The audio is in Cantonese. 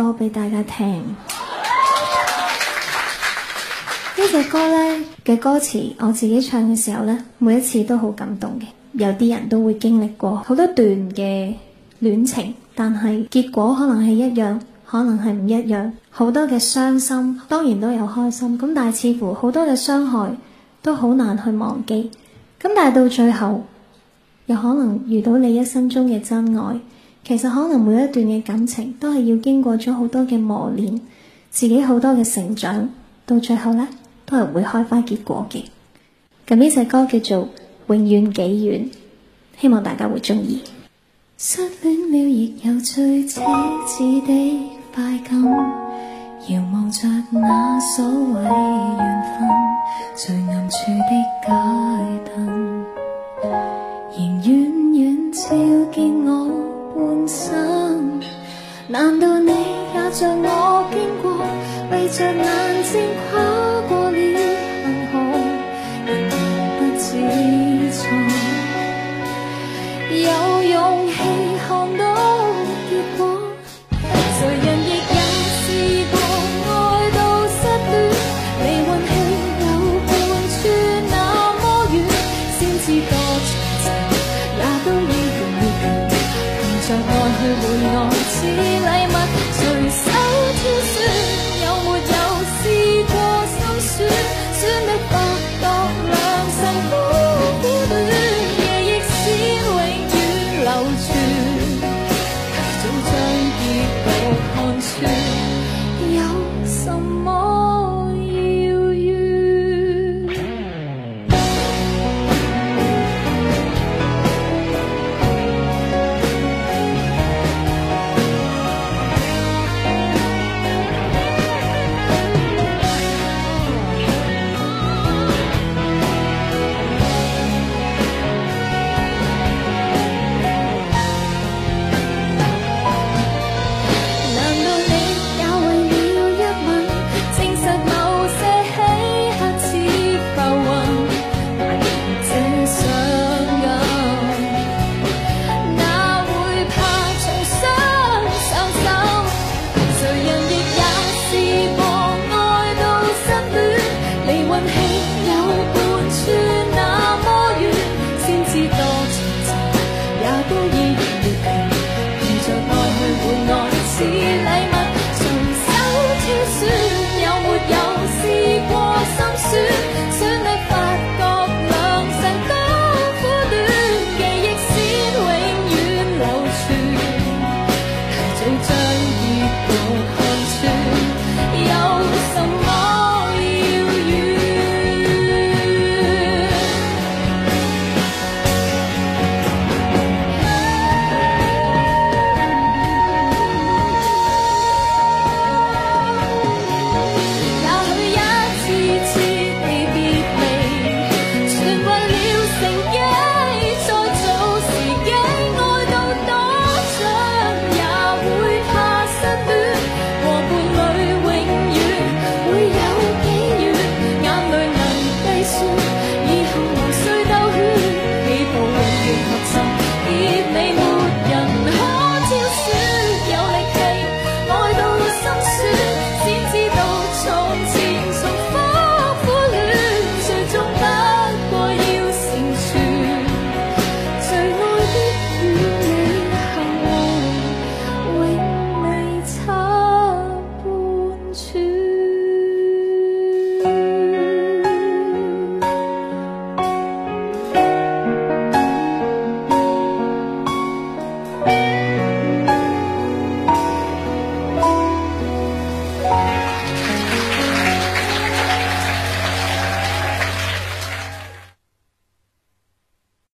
歌俾大家聽，呢隻歌呢嘅歌詞，我自己唱嘅時候呢，每一次都好感動嘅。有啲人都會經歷過好多段嘅戀情，但係結果可能係一樣，可能係唔一樣。好多嘅傷心，當然都有開心。咁但係似乎好多嘅傷害都好難去忘記。咁但係到最後，又可能遇到你一生中嘅真愛。其實可能每一段嘅感情都係要經過咗好多嘅磨練，自己好多嘅成長，到最後呢都係會開花結果嘅。咁呢隻歌叫做《永遠幾遠》，希望大家會中意。失戀了，亦有最奢侈的快感，遙望着那所謂